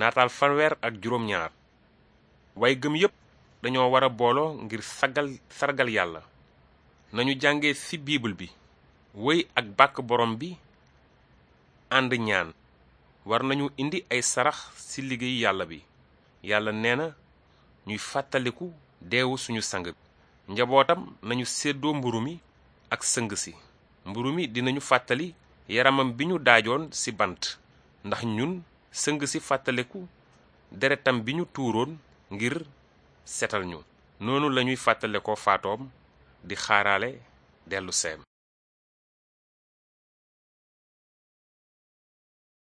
naataal fanweer ak juróom-ñaar waaye gëm yépp dañoo war a booloo ngir sagal sargal yàlla nañu jànge ci biibul bi wéy ak bàkk borom bi ànd ñaan war nañu indi ay sarax ci liggéeyu yàlla bi yàlla nee na ñuy fàttaliku deewu suñu sang bi njabootam nañu seddoo mburu mi ak sëng si mburu mi dinañu fàttali yaramam bi ñu daajoon ci bant ndax ñun sëng si fàttaliku deretam bi ñu tuuroon ngir seetal ñu noonu lañuy fàttale ko faatoom di xaarale dellu seem